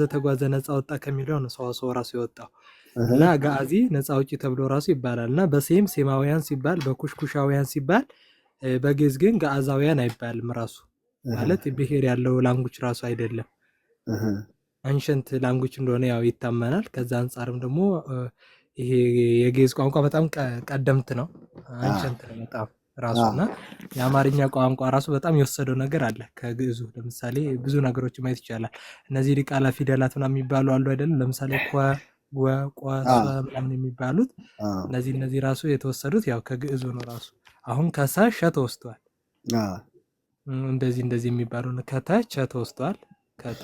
ዘተጓዘ ነፃ ወጣ ከሚለው ነው ራሱ የወጣው እና ጋዚ ነፃ አውጪ ተብሎ ራሱ ይባላል እና በሴም ሴማውያን ሲባል በኩሽኩሻውያን ሲባል በጌዝ ግን ጋአዛውያን አይባልም። ራሱ ማለት ብሄር ያለው ላንጉች ራሱ አይደለም አንሸንት ላንጉች እንደሆነ ያው ይታመናል። ከዛ አንጻርም ደግሞ ይሄ የጌዝ ቋንቋ በጣም ቀደምት ነው፣ አንሸንት ነው በጣም ራሱ እና የአማርኛ ቋንቋ ራሱ በጣም የወሰደው ነገር አለ ከግዕዙ። ለምሳሌ ብዙ ነገሮች ማየት ይቻላል። እነዚህ ዲቃላ ፊደላት ምናምን የሚባሉ አሉ አይደለም? ለምሳሌ ኮ፣ ጎ፣ ቆ፣ ሶ ምናምን የሚባሉት እነዚህ እነዚህ ራሱ የተወሰዱት ያው ከግዕዙ ነው ራሱ። አሁን ከሰ ሸ ተወስቷል። እንደዚህ እንደዚህ የሚባሉ ከተ ቸ ተወስቷል። ከጠ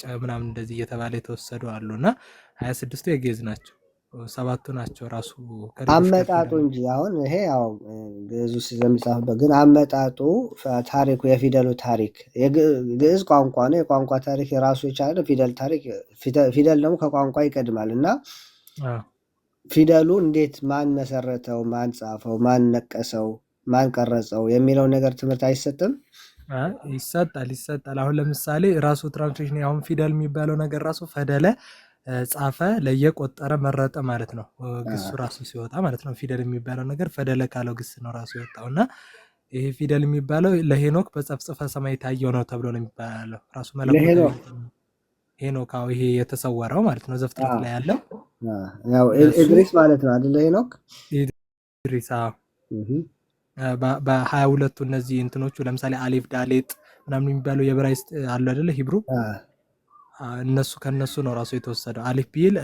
ጨ ምናምን እንደዚህ እየተባለ የተወሰዱ አሉ እና ሀያ ስድስቱ የግዕዝ ናቸው። ሰባቱ ናቸው። ራሱ አመጣጡ እንጂ አሁን ይሄ ያው ግዕዙ ስለሚጻፍበት ግን አመጣጡ ታሪኩ የፊደሉ ታሪክ ግዕዝ ቋንቋ ነው። የቋንቋ ታሪክ የራሱ የቻለ ፊደል ታሪክ፣ ፊደል ደግሞ ከቋንቋ ይቀድማል እና ፊደሉ እንዴት ማን መሰረተው፣ ማን ጻፈው፣ ማን ነቀሰው፣ ማን ቀረጸው የሚለው ነገር ትምህርት አይሰጥም። ይሰጣል ይሰጣል። አሁን ለምሳሌ ራሱ ትራንስሌሽን አሁን ፊደል የሚባለው ነገር ራሱ ፈደለ ጻፈ ለየቆጠረ መረጠ ማለት ነው። ግሱ ራሱ ሲወጣ ማለት ነው። ፊደል የሚባለው ነገር ፈደለ ካለው ግስ ነው ራሱ የወጣው እና ይሄ ፊደል የሚባለው ለሄኖክ በጸፍጽፈ ሰማይ ታየው ነው ተብሎ ነው የሚባለው። ራሱ መለኮት ሄኖክ አዎ፣ ይሄ የተሰወረው ማለት ነው። ዘፍጥረት ላይ ያለው ኢድሪስ ማለት ነው አይደለ? ሄኖክ ኢድሪስ አዎ። በሀያ ሁለቱ እነዚህ እንትኖቹ ለምሳሌ አሌፍ ዳሌጥ ምናምን የሚባለው የዕብራይስጥ አሉ አይደለ? ሂብሩ እነሱ ከነሱ ነው ራሱ የተወሰደው። አሊፍ ቢል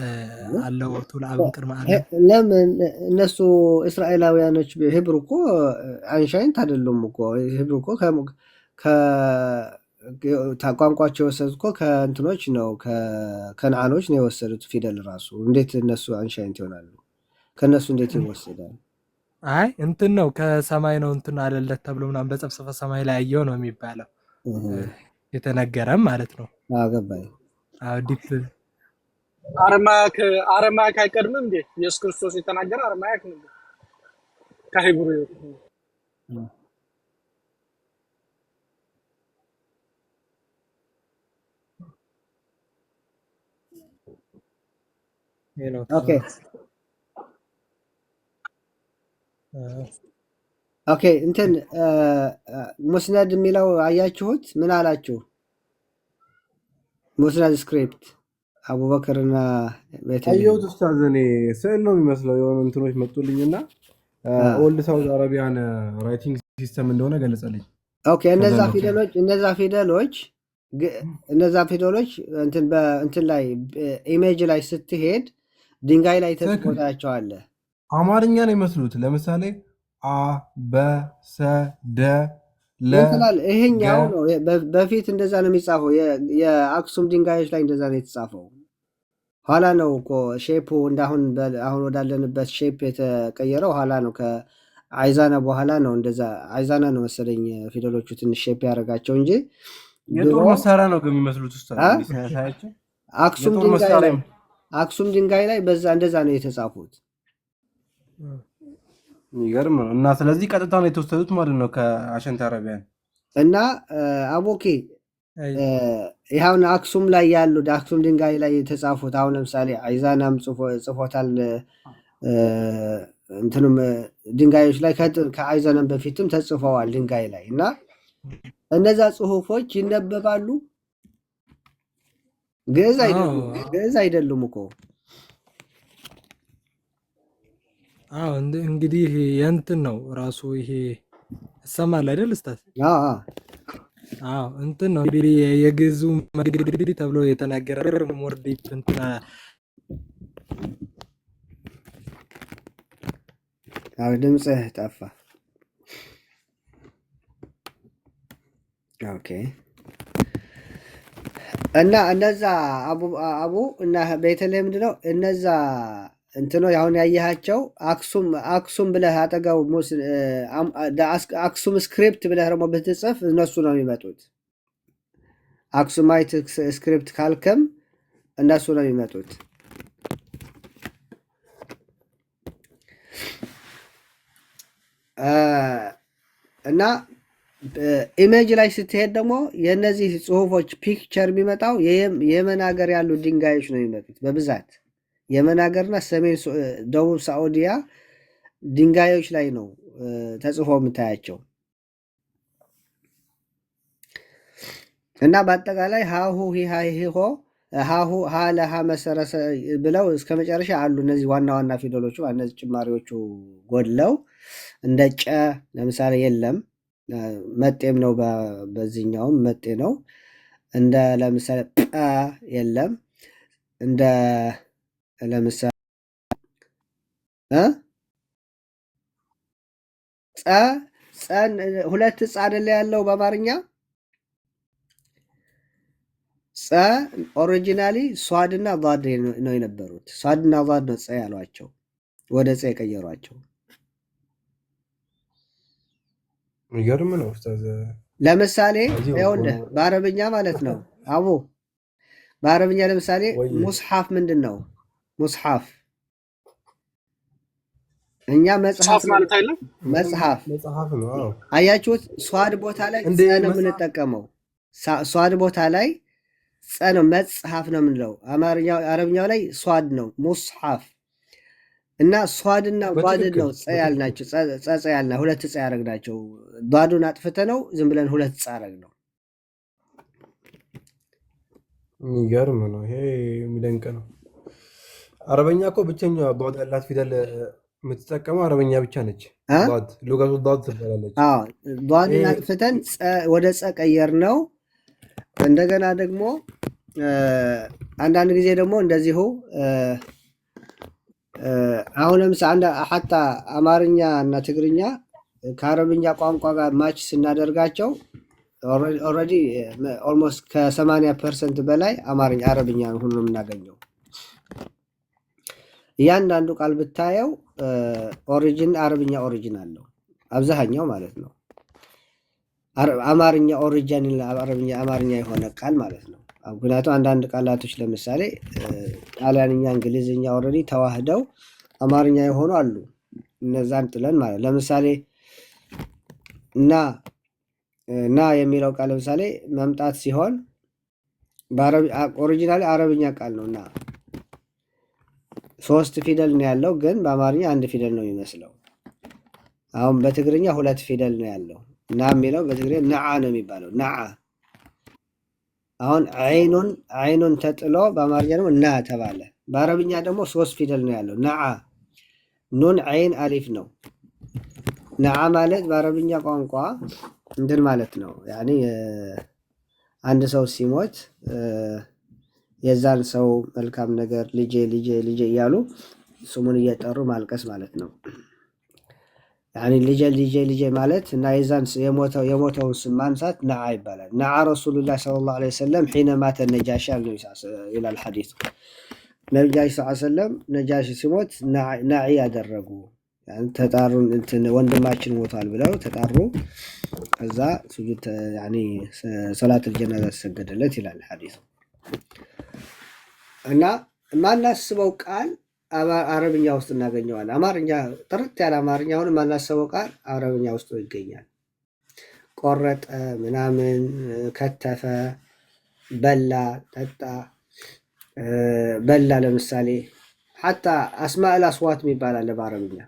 አለው ቱልአብን ቅድመ ለምን እነሱ እስራኤላውያኖች ህብር እኮ አንሻይንት አይደሉም እኮ ሂብሩ እኮ ቋንቋቸው የወሰዱት እኮ ከእንትኖች ነው ከነዓኖች ነው የወሰዱት ፊደል ራሱ። እንዴት እነሱ አንሻይንት ይሆናሉ? ከእነሱ እንዴት ይወሰዳል? አይ እንትን ነው ከሰማይ ነው እንትን አለለት ተብሎ ምናምን በጸፍጸፈ ሰማይ ላይ ያየው ነው የሚባለው የተነገረም ማለት ነው። አገባኝ ዲፕ አርማያክ አርማያክ አይቀድምም እንዴ? ኢየሱስ ክርስቶስ የተናገረ አርማያክ ነው ከሂብሩ ኦኬ እንትን ሙስነድ የሚለው አያችሁት? ምን አላችሁ? ሞስላ ስክሪፕት አቡበክርና አየሁት። ኡስታዝ እኔ ስዕል ነው የሚመስለው የሆኑ እንትኖች መጡልኝና ኦልድ ሳውዝ አረቢያን ራይቲንግ ሲስተም እንደሆነ ገለጸልኝ። ኦኬ እነዛ ፊደሎች እነዛ ፊደሎች እነዛ ፊደሎች እንትን ላይ ኢሜጅ ላይ ስትሄድ ድንጋይ ላይ ተጽፎታቸዋለ። አማርኛ ነው የሚመስሉት። ለምሳሌ አ በ ሰ ደ ለትላል ይሄኛው ነው። በፊት እንደዛ ነው የሚጻፈው። የአክሱም ድንጋዮች ላይ እንደዛ ነው የተጻፈው። ኋላ ነው እኮ ሼፑ እንዳሁን አሁን ወዳለንበት ሼፕ የተቀየረው ኋላ ነው። ከአይዛና በኋላ ነው እንደዛ። አይዛና ነው መሰለኝ ፊደሎቹ ትንሽ ሼፕ ያደረጋቸው እንጂ የጦር መሳሪያ ነው ከሚመስሉት ውስጥ አክሱም ድንጋይ ላይ በዛ እንደዛ ነው የተጻፉት። ይገርም ነው። እና ስለዚህ ቀጥታ ነው የተወሰዱት ማለት ነው ከአሸንተ አረቢያን እና አቦኬ ይሁን አክሱም ላይ ያሉ አክሱም ድንጋይ ላይ የተጻፉት አሁን ለምሳሌ አይዛናም ጽፎታል። እንትንም ድንጋዮች ላይ ከአይዘንም በፊትም ተጽፈዋል ድንጋይ ላይ እና እነዛ ጽሁፎች ይነበባሉ። አይደሉም ግዕዝ አይደሉም እኮ አዎ እንግዲህ የእንትን ነው ራሱ ይሄ ይሰማል አይደል? ስታት አዎ እንትን ነው እንግዲህ የግዙ መግድ ተብሎ የተናገረ ሞርዲ እንትና ያው ድምፅህ ጠፋ። ኦኬ እና እነዛ አቡ አቡ እና ቤተልሔም ምንድን ነው እነዛ እንትኖ አሁን ያየሃቸው አክሱም አክሱም ብለህ አጠገቡ አክሱም ስክሪፕት ብለህ ደግሞ ብትጽፍ እነሱ ነው የሚመጡት። አክሱማይት ስክሪፕት ካልክም እነሱ ነው የሚመጡት። እና ኢሜጅ ላይ ስትሄድ ደግሞ የእነዚህ ጽሁፎች ፒክቸር የሚመጣው የየመን ሀገር ያሉ ድንጋዮች ነው የሚመጡት በብዛት የመን ሀገርና ሰሜን ደቡብ ሳዑዲያ ድንጋዮች ላይ ነው ተጽፎ የምታያቸው። እና በአጠቃላይ ሀሁ ሂሃሂሆ ሀሁ ሀለሀ መሰረሰ ብለው እስከ መጨረሻ አሉ። እነዚህ ዋና ዋና ፊደሎቹ እነዚህ ጭማሪዎቹ ጎድለው እንደ ጨ ለምሳሌ የለም። መጤም ነው በዚህኛውም መጤ ነው። እንደ ለምሳሌ ጳ የለም እንደ ለምሳሌ ሁለት ጻ አይደለ ያለው በአማርኛ ጸ ኦሪጂናሊ ሷድ እና ዛድ ነው የነበሩት። ሷድ እና ዛድ ነው ጸ ያሏቸው ወደ ፀ የቀየሯቸው። ይገርም ነው። ለምሳሌ ይኸውልህ በአረብኛ ማለት ነው አቦ በአረብኛ ለምሳሌ ሙስሐፍ ምንድን ነው? ሙስሐፍ እኛ መጽሐፍ ማለት አይደለም፣ መጽሐፍ መጽሐፍ ነው። አያችሁት? ሷድ ቦታ ላይ ፀ ነው የምንጠቀመው። ሷድ ቦታ ላይ ፀ ነው፣ መጽሐፍ ነው የምንለው። አማርኛው አረብኛው ላይ ሷድ ነው ሙስሐፍ እና ሷድና ዷድን ነው ፀ ያልናቸው፣ ያልና ሁለት ፀ ያደረግናቸው። ዷዱን አጥፍተ ነው ዝም ብለን ሁለት ፀ ያደረግ ነው። የሚገርም ነው። ይሄ የሚደንቅ ነው። አረበኛ እኮ ብቸኛዋ ባድ ያላት ፊደል የምትጠቀመው አረበኛ ብቻ ነች። ሉጋቱ ዳድ ትባላለች። ዷድን አጥፍተን ወደ ፀ ቀየር ነው። እንደገና ደግሞ አንዳንድ ጊዜ ደግሞ እንደዚሁ አሁን ለምሳሌ ሀታ አማርኛ እና ትግርኛ ከአረብኛ ቋንቋ ጋር ማች ስናደርጋቸው ኦልሞስት ከሰማንያ ፐርሰንት በላይ አማርኛ አረብኛ ሁሉ የምናገኘው እያንዳንዱ ቃል ብታየው ኦሪጂን አረብኛ ኦሪጂን አለው አብዛኛው ማለት ነው። አማርኛ ኦሪጂን አረብኛ አማርኛ የሆነ ቃል ማለት ነው። ምክንያቱም አንዳንድ ቃላቶች ለምሳሌ ጣሊያንኛ፣ እንግሊዝኛ ኦልሬዲ ተዋህደው አማርኛ የሆኑ አሉ። እነዛን ጥለን ማለት ለምሳሌ ና ና የሚለው ቃል ለምሳሌ መምጣት ሲሆን ኦሪጂናሊ አረብኛ ቃል ነው ና ሶስት ፊደል ነው ያለው፣ ግን በአማርኛ አንድ ፊደል ነው የሚመስለው። አሁን በትግርኛ ሁለት ፊደል ነው ያለው። ና የሚለው በትግርኛ ነ ነው የሚባለው። ነዓ አሁን አይኑን አይኑን ተጥሎ በአማርኛ ደግሞ ና ተባለ። በአረብኛ ደግሞ ሶስት ፊደል ነው ያለው። ነዓ ኑን አይን አሊፍ ነው። ነአ ማለት በአረብኛ ቋንቋ እንትን ማለት ነው። ያኔ አንድ ሰው ሲሞት የዛን ሰው መልካም ነገር ልጄ ልጄ ልጄ እያሉ ስሙን እየጠሩ ማልቀስ ማለት ነው። ያኒ ልጄ ልጄ ልጄ ማለት እና የዛን የሞተውን ስም ማንሳት ነዓ ይባላል። ነዓ ረሱሉላህ ሰለላሁ ዐለይሂ ወሰለም ሒነ ማተ ነጃሺ ይላል ሐዲሱ። ነጃሺ ሰለም ነጃሺ ሲሞት ናዒ ያደረጉ ተጣሩ፣ ወንድማችን ሞቷል ብለው ተጣሩ። ከዛ ሱጁድ ሰላተል ጀናዛ ተሰገደለት ይላል ሐዲሱ። እና የማናስበው ቃል አረብኛ ውስጥ እናገኘዋል። አማርኛ ጥርት ያለ አማርኛ አሁን የማናስበው ቃል አረብኛ ውስጥ ይገኛል። ቆረጠ፣ ምናምን፣ ከተፈ፣ በላ፣ ጠጣ፣ በላ ለምሳሌ ሐታ አስማዕል አስዋት የሚባል አለ በአረብኛ።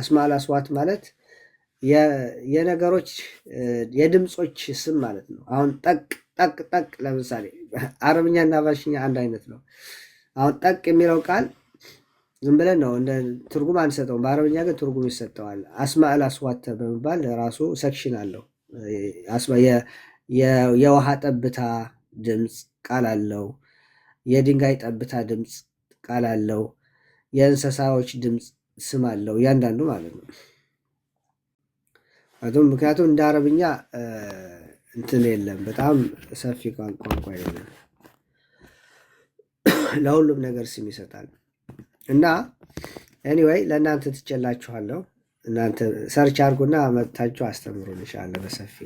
አስማዕል አስዋት ማለት የነገሮች የድምፆች ስም ማለት ነው። አሁን ጠቅ ጠቅ ጠቅ ለምሳሌ አረብኛ እና ባሽኛ አንድ አይነት ነው። አሁን ጠቅ የሚለው ቃል ዝም ብለን ነው እንደ ትርጉም አንሰጠውም። በአረብኛ ግን ትርጉም ይሰጠዋል። አስማዕል አስዋተ በመባል ራሱ ሰክሽን አለው። የውሃ ጠብታ ድምፅ ቃል አለው። የድንጋይ ጠብታ ድምፅ ቃል አለው። የእንስሳዎች ድምፅ ስም አለው። እያንዳንዱ ማለት ነው። ምክንያቱም እንደ አረብኛ እንትን የለም። በጣም ሰፊ ቋንቋ የለም። ለሁሉም ነገር ስም ይሰጣል እና ኤኒዌይ ለእናንተ ትችላችኋለሁ። እናንተ ሰርች አድርጉና መጥታችሁ አስተምሩን ይሻለ በሰፊ